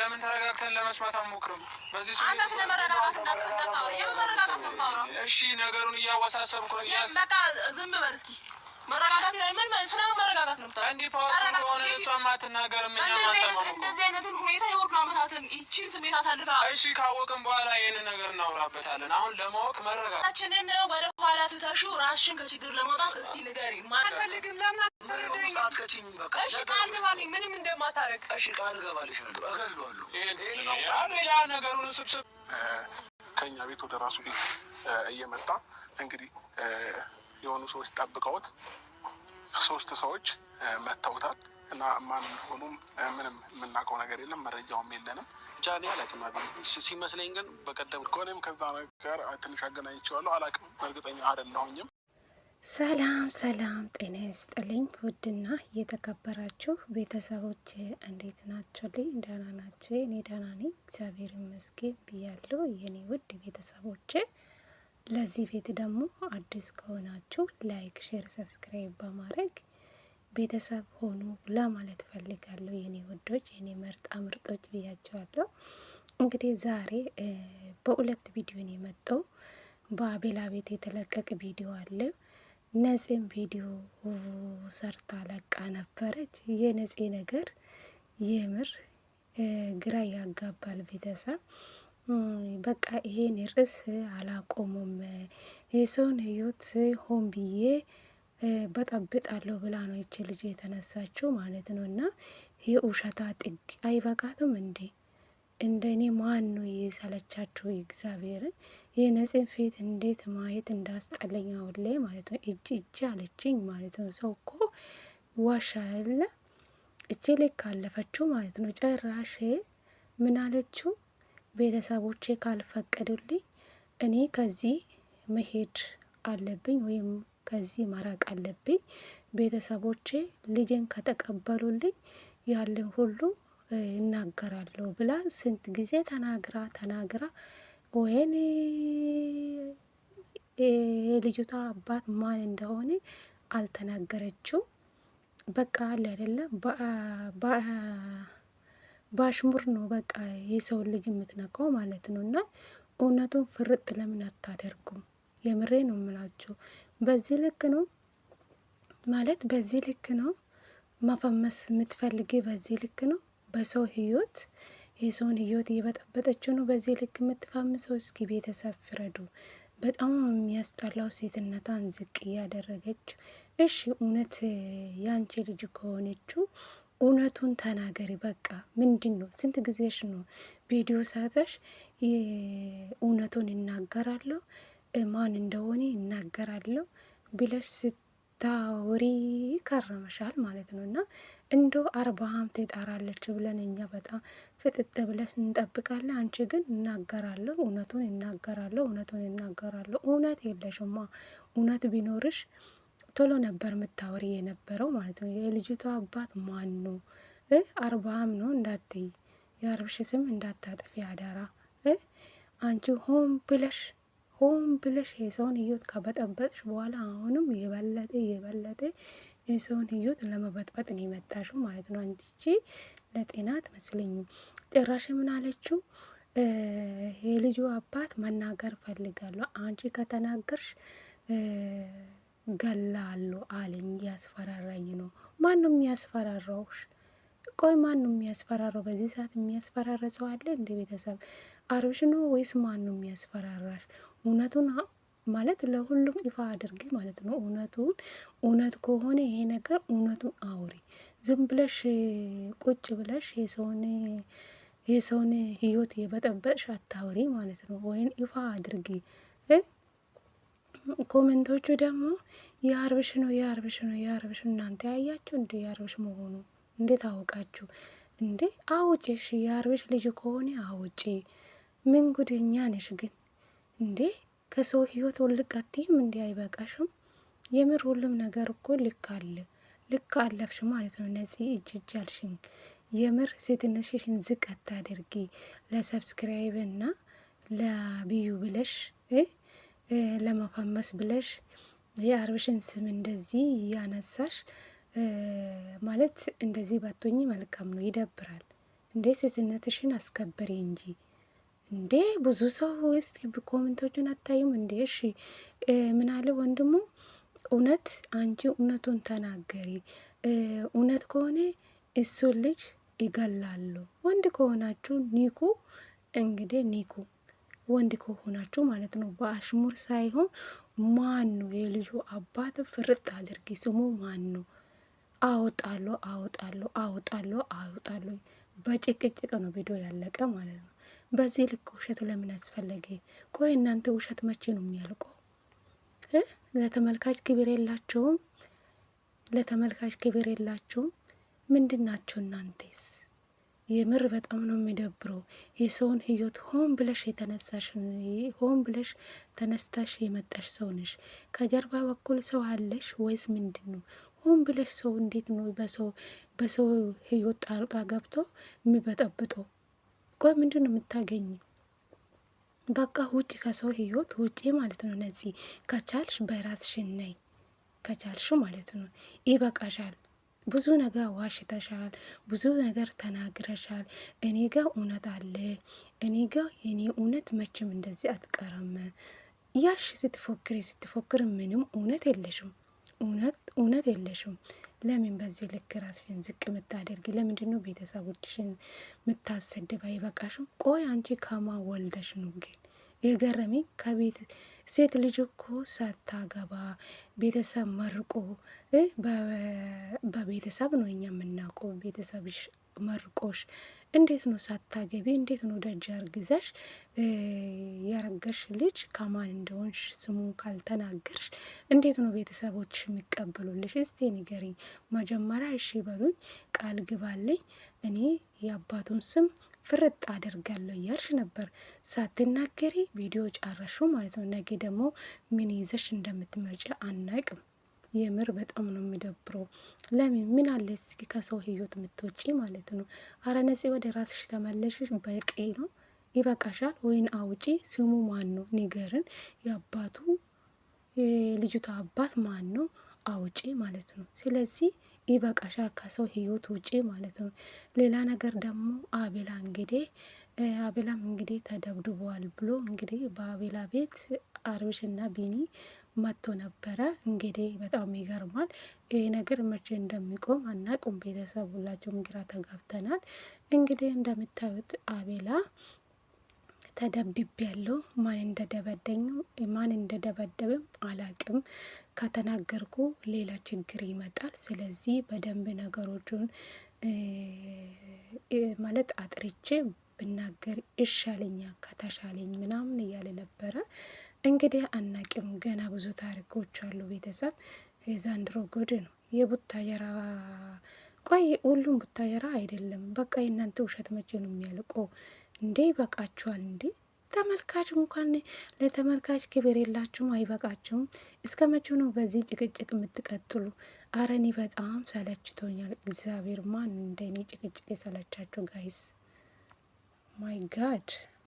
ለምን ተረጋግተን ለመስማት አንሞክርም? በዚህ አንተ ስለመረጋጋት እንዳትረዳ የመረጋጋት ነው። እሺ ነገሩን እያወሳሰብኩ በቃ ዝም በል እስኪ መረጋጋት ይላል። ምን ስለ መረጋጋት ነው? እንደዚህ አይነትን ሁኔታ አመታትን ይቺን ስሜት አሳልፋ፣ እሺ ካወቅን በኋላ ይህን ነገር እናውራበታለን። አሁን ለማወቅ መረጋጋታችንን ወደ ኋላ ትተሹ ራስሽን ከችግር ለማውጣት እስኪ ንገሪ። አልፈልግም። ከእኛ ቤት ወደ ራሱ ቤት እየመጣ እንግዲህ የሆኑ ሰዎች ጠብቀውት ሶስት ሰዎች መተውታል እና ማን ሆኑም ምንም የምናውቀው ነገር የለም፣ መረጃውም የለንም። ብቻ እኔ አላውቅም ሲመስለኝ ግን በቀደም ከሆነም ከዛ ነገር ትንሽ አገናኝቼዋለሁ። አላውቅም፣ እርግጠኛ አይደለሁኝም። ሰላም ሰላም፣ ጤና ይስጥልኝ ውድና የተከበራችሁ ቤተሰቦች እንዴት ናቸው? ልኝ ደህና ናቸው? እኔ ደህና ነኝ፣ እግዚአብሔር ይመስገን ብያለሁ የኔ ውድ ቤተሰቦች ለዚህ ቤት ደግሞ አዲስ ከሆናችሁ ላይክ፣ ሼር፣ ሰብስክራይብ በማድረግ ቤተሰብ ሆኑ ለማለት ፈልጋለሁ። የኔ ወዶች የኔ ምርጣ ምርጦች ብያቸዋለሁ። እንግዲህ ዛሬ በሁለት ነው የመጣው በአቤላ ቤት የተለቀቀ ቪዲዮ አለ። ነጽም ቪዲዮ ሰርታ ለቃ ነበረች። የነጽ ነገር የምር ግራ ያጋባል ቤተሰብ በቃ ይሄን ርዕስ አላቆሙም። የሰውን ህይወት ሆን ብዬ በጠብጣለሁ ብላ ነው ይቺ ልጅ የተነሳችው ማለት ነው። እና የውሸታ ጥግ አይበቃትም እንዴ? እንደ እኔ ማን ነው የሰለቻቸው? እግዚአብሔርን የነጽን ፊት እንዴት ማየት እንዳስጠለኝ አሁን ማለት ነው። እጅ እጅ አለችኝ ማለት ነው። ሰው እኮ ዋሻለ እጅ ልክ አለፈችው ማለት ነው። ጨራሽ ምን አለችው? ቤተሰቦቼ ካልፈቀዱልኝ እኔ ከዚህ መሄድ አለብኝ ወይም ከዚህ መራቅ አለብኝ። ቤተሰቦቼ ልጄን ከተቀበሉልኝ ያለን ሁሉ እናገራለሁ ብላ ስንት ጊዜ ተናግራ ተናግራ ወይኔ የልጅቷ አባት ማን እንደሆነ አልተናገረችው። በቃ አለ አይደለም ባሽሙር ነው በቃ የሰውን ልጅ የምትነካው ማለት ነው። እና እውነቱን ፍርጥ ለምን አታደርጉም? የምሬ ነው የምላችሁ። በዚህ ልክ ነው ማለት በዚህ ልክ ነው መፈመስ የምትፈልጊ፣ በዚህ ልክ ነው በሰው ህይወት የሰውን ህይወት እየበጠበጠችው ነው በዚህ ልክ የምትፋምሰው። እስኪ ቤተሰብ ፍረዱ። በጣም የሚያስጠላው ሴትነቷን ዝቅ እያደረገች። እሺ እውነት የአንቺ ልጅ ከሆነችው እውነቱን ተናገሪ። በቃ ምንድን ነው? ስንት ጊዜሽ ነው ቪዲዮ ሳተሽ? እውነቱን እናገራለሁ፣ ማን እንደሆነ እናገራለሁ ብለሽ ስታወሪ ከረመሻል ማለት ነው። እና እንዶ አርባም ትጠራለች ብለን እኛ በጣም ፍጥጥ ብለሽ እንጠብቃለን። አንቺ ግን እናገራለሁ፣ እውነቱን እናገራለሁ፣ እውነቱን እናገራለሁ። እውነት የለሽማ። እውነት ቢኖርሽ ቶሎ ነበር የምታወሪ የነበረው ማለት ነው። የልጅቷ አባት ማን ነው? አርባም ነው እንዳትይ፣ የአርብሽ ስም እንዳታጠፊ አደራ። አንቺ ሆን ብለሽ ሆን ብለሽ የሰውን ህይወት ከበጠበጥሽ በኋላ አሁንም የበለጠ የበለጠ የሰውን ህይወት ለመበጥበጥ ነው የመጣሽው ማለት ነው። አንቺ ለጤና አትመስለኝም። ጭራሽ ምን አለችው? የልጁ አባት መናገር ፈልጋለሁ። አንቺ ከተናገርሽ ገላ አሉ አለኝ። እያስፈራራኝ ነው። ማን ነው የሚያስፈራራው? ቆይ ማን ነው የሚያስፈራራው? በዚህ ሰዓት የሚያስፈራራ ሰው አለ እንደ ቤተሰብ አርብሽ ነው ወይስ ማን ነው የሚያስፈራራሽ? እውነቱን ማለት ለሁሉም ይፋ አድርጊ ማለት ነው። እውነቱን እውነት ከሆነ ይሄ ነገር እውነቱን አውሪ። ዝም ብለሽ ቁጭ ብለሽ የሰውን የሰውን ህይወት የበጠበጥሽ አታውሪ ማለት ነው። ወይን ይፋ አድርጊ። እ ኮሜንቶቹ ደግሞ የአርብሽ ነው የአርብሽ ነው የአርብሽ እናንተ ያያችሁ እንዴ? የአርብሽ መሆኑ እንዴት አወቃችሁ እንዴ? አውጪ እሺ፣ የአርብሽ ልጅ ከሆነ አውጪ። ምን ጉድኛ ነሽ ግን እንዴ? ከሰው ህይወት ወልቀትም አትይም አይበቃሽም? የምር ሁሉም ነገር እኮ ልክ አለ ልክ አለፍሽ ማለት ነው። እነዚህ እጅ እጅ አልሽኝ። የምር ሴትነትሽን ዝቅ አታደርጊ። ለሰብስክራይብ እና ለቢዩ ብለሽ ለመፈመስ ብለሽ የአብርሽን ስም እንደዚህ እያነሳሽ ማለት እንደዚህ ባቶኝ መልካም ነው። ይደብራል እንዴ! ሴትነትሽን አስከበሪ እንጂ እንዴ! ብዙ ሰው ውስጥ ኮመንቶቹን አታዩም እንዴ? እሺ ምናለ ወንድሙ? እውነት አንቺ እውነቱን ተናገሪ። እውነት ከሆነ እሱን ልጅ ይገላሉ። ወንድ ከሆናችሁ ኒኩ፣ እንግዲህ ኒኩ። ወንድ ከሆናችሁ ማለት ነው። በአሽሙር ሳይሆን ማን ነው የልጁ አባት ፍርጥ አድርጊ። ስሙ ማን ነው? አውጣሎ አውጣሎ አውጣሎ በጭቅጭቅ ነው ቪዲዮ ያለቀ ማለት ነው። በዚህ ልክ ውሸት ለምን አስፈለገ? ቆይ እናንተ ውሸት መቼ ነው የሚያልቀው? ለተመልካች ክብር የላችሁም? ለተመልካች ክብር የላችሁም? ምንድን እናንተስ? የምር በጣም ነው የሚደብረው። የሰውን ህይወት ሆን ብለሽ የተነሳሽ ሆን ብለሽ ተነስታሽ የመጣሽ ሰው ነሽ። ከጀርባ በኩል ሰው አለሽ ወይስ ምንድን ነው? ሆን ብለሽ ሰው እንዴት ነው በሰው በሰው ህይወት ጣልቃ ገብቶ የሚበጠብጦ? ቆይ ምንድን ነው የምታገኝ? በቃ ውጭ ከሰው ህይወት ውጭ ማለት ነው። ነዚህ ከቻልሽ በራስሽ ነይ፣ ከቻልሽ ማለት ነው። ይበቃሻል። ብዙ ነገር ዋሽተሻል፣ ብዙ ነገር ተናግረሻል። እኔ ጋ እውነት አለ፣ እኔ ጋ የኔ እውነት መቼም እንደዚህ አትቀረም ያልሽ ስትፎክሪ ስትፎክር ምንም እውነት የለሽም፣ እውነት የለሽም። ለምን በዚህ ልክ ራስሽን ዝቅ የምታደርጊ? ለምንድነው ቤተሰቦችሽን የምታሰድባ? አይበቃሽም? ቆይ አንቺ ከማ ወልደሽ ነው ግን የገረሚ ከቤት ሴት ልጅ እኮ ሳታገባ ቤተሰብ መርቆ በቤተሰብ ነው እኛ የምናውቀው። ቤተሰብሽ መርቆሽ እንዴት ነው ሳታገቢ እንዴት ነው ደጅ አርግዘሽ ያረገሽ ልጅ ከማን እንደሆንሽ ስሙ ካልተናገርሽ እንዴት ነው ቤተሰቦች የሚቀበሉልሽ? እስቲ ንገሪኝ መጀመሪያ። እሺ በሉኝ ቃል ግባለኝ እኔ የአባቱን ስም ፍርጥ አደርጋለሁ እያልሽ ነበር ሳትናገሪ ቪዲዮ ጨረሹ ማለት ነው። ነገ ደግሞ ምን ይዘሽ እንደምትመጪ አናቅም። የምር በጣም ነው የሚደብረው። ለምን ምን አለ እስኪ ከሰው ህይወት የምትወጪ ማለት ነው። አረ ነፂ ወደ ራስሽ ተመለሽ። በቂ ነው ይበቃሻል። ወይን አውጪ። ስሙ ማን ነው ንገርን። የአባቱ የልጅቷ አባት ማን ነው? አውጪ ማለት ነው። ስለዚህ ይበቃሻ ከሰው ህይወት ውጪ ማለት ነው። ሌላ ነገር ደግሞ አቤላ እንግዲህ አቤላም እንግዲህ ተደብድቧል ብሎ እንግዲህ በአቤላ ቤት አርብሽና ቢኒ መጥቶ ነበረ። እንግዲህ በጣም ይገርማል። ይህ ነገር መቼ እንደሚቆም አናቁም። ቤተሰብ ሁላቸውም ግራ ተጋብተናል። እንግዲህ እንደምታዩት አቤላ ተደብድብ ያለው ማን እንደደበደኝ ማን እንደደበደብም አላቅም። ከተናገርኩ ሌላ ችግር ይመጣል። ስለዚህ በደንብ ነገሮቹን ማለት አጥርቼ ብናገር ይሻለኛል ከተሻለኝ ምናምን እያለ ነበረ። እንግዲህ አናቅም። ገና ብዙ ታሪኮች አሉ። ቤተሰብ የዛንድሮ ጉድ ነው። የቡታየራ ቆይ ሁሉም ቡታየራ አይደለም። በቃ የእናንተ ውሸት መቼ ነው የሚያልቆ እንዴ? ይበቃችኋል እንዴ? ተመልካች እንኳን ለተመልካች ክብር የላችሁም። አይበቃችሁም? እስከ መቼ ነው በዚህ ጭቅጭቅ የምትቀጥሉ? አረኔ በጣም ሰለችቶኛል። እግዚአብሔር ማን እንደኔ ጭቅጭቅ የሰለቻችሁ ጋይስ? ማይ ጋድ